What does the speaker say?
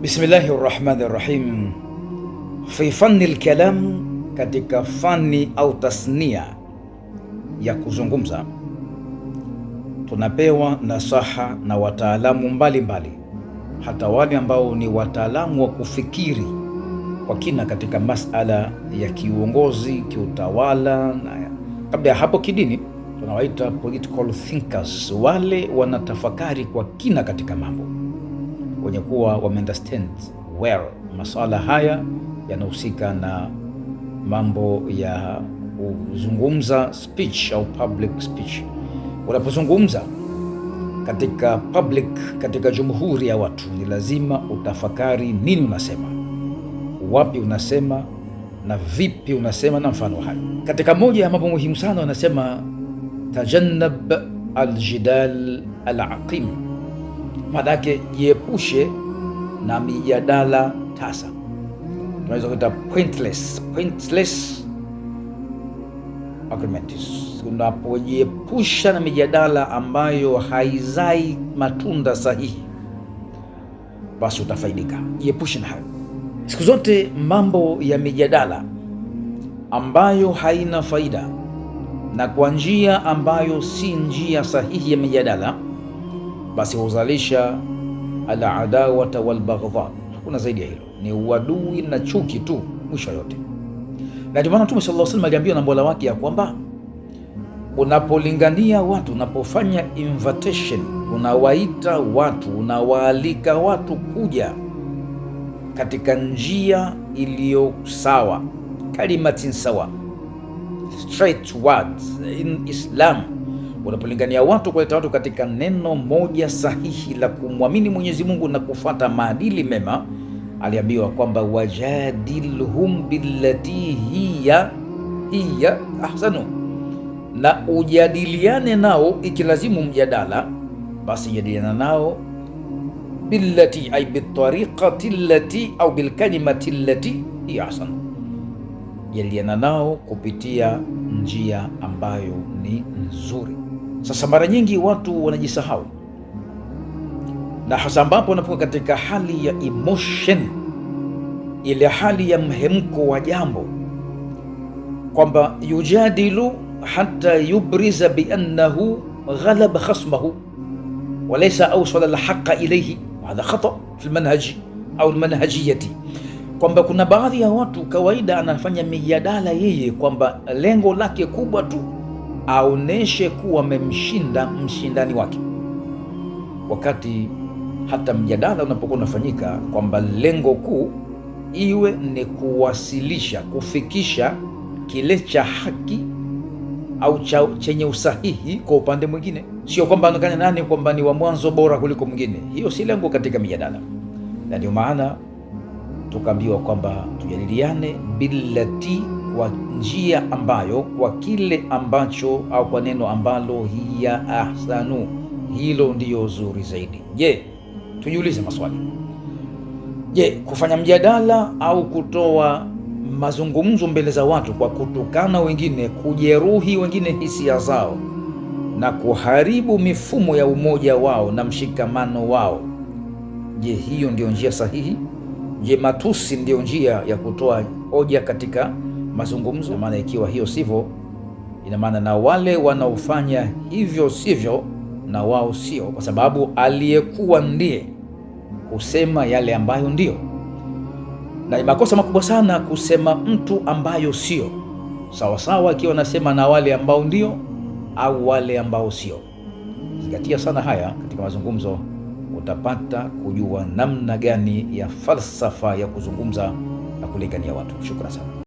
Bismillahi rahmani rahim. Fi fanni lkalam, katika fani au tasnia ya kuzungumza, tunapewa nasaha na wataalamu mbalimbali, hata wale ambao ni wataalamu wa kufikiri kwa kina katika masala ya kiuongozi, kiutawala na kabla ya hapo kidini, tunawaita political thinkers, wale wanatafakari kwa kina katika mambo wenye kuwa wameunderstand well masuala haya yanahusika na mambo ya kuzungumza speech au public speech. Unapozungumza katika public, katika jumhuri ya watu, ni lazima utafakari nini unasema, wapi unasema na vipi unasema, na mfano hayo. Katika moja ya mambo muhimu sana wanasema tajannab aljidal alaqim Maanake jiepushe na mijadala tasa, tunaweza kuita pointless, pointless agreements. Unapojiepusha na mijadala ambayo haizai matunda sahihi, basi utafaidika. Jiepushe na hayo siku zote. Mambo ya mijadala ambayo haina faida na kwa njia ambayo si njia sahihi ya mijadala basi huzalisha aladawata walbaghdha. Hakuna zaidi ya hilo, ni uadui na chuki tu, mwisho yote. Na ndio maana Mtume sallallahu alaihi wasallam aliambiwa na Mola wake ya kwamba unapolingania watu, unapofanya invitation, unawaita watu, unawaalika watu kuja katika njia iliyo sawa, kalimatin sawa, straight words in Islam unapolingania watu, kuleta watu katika neno moja sahihi la kumwamini Mwenyezi Mungu na kufuata maadili mema, aliambiwa kwamba wajadilhum billati hiya hiya ahsanu, na ujadiliane nao, ikilazimu mjadala, basi jadiliana nao billati ay bitariqati lati au bilkalimati lati hiya ahsanu, jadiliana nao kupitia njia ambayo ni nzuri. Sasa mara nyingi watu wanajisahau, na hasa ambapo wanapokuwa katika hali ya emotion, ile hali ya mhemko wa jambo, kwamba yujadilu hata yubriza biannahu ghalaba khasmahu walaisa awsala alhaqa ilayhi, hadha khata fi almanhaji au almanhajiyati, kwamba kuna baadhi ya watu kawaida anafanya mijadala yeye, kwamba lengo lake kubwa tu aoneshe kuwa amemshinda mshindani wake, wakati hata mjadala unapokuwa unafanyika kwamba lengo kuu iwe ni kuwasilisha, kufikisha kile cha haki au cha, chenye usahihi kwa upande mwingine, sio kwamba anakana nani kwamba ni wa mwanzo bora kuliko mwingine. Hiyo si lengo katika mijadala, na ndio maana tukaambiwa kwamba tujadiliane billati kwa njia ambayo, kwa kile ambacho, au kwa neno ambalo hiya ahsanu, hilo ndiyo zuri zaidi. Je, tujiulize maswali. Je, kufanya mjadala au kutoa mazungumzo mbele za watu kwa kutukana wengine, kujeruhi wengine hisia zao na kuharibu mifumo ya umoja wao na mshikamano wao, je, hiyo ndiyo njia sahihi? Je, matusi ndiyo njia ya kutoa hoja katika mazungumzo, maana ikiwa hiyo sivyo, ina maana na wale wanaofanya hivyo sivyo na wao sio, kwa sababu aliyekuwa ndiye husema yale ambayo ndiyo, na ni makosa makubwa sana kusema mtu ambayo sio sawasawa, ikiwa anasema na wale ambao ndio au wale ambao sio. Zingatia sana haya katika mazungumzo, utapata kujua namna gani ya falsafa ya kuzungumza na kulingania watu. Shukrani sana.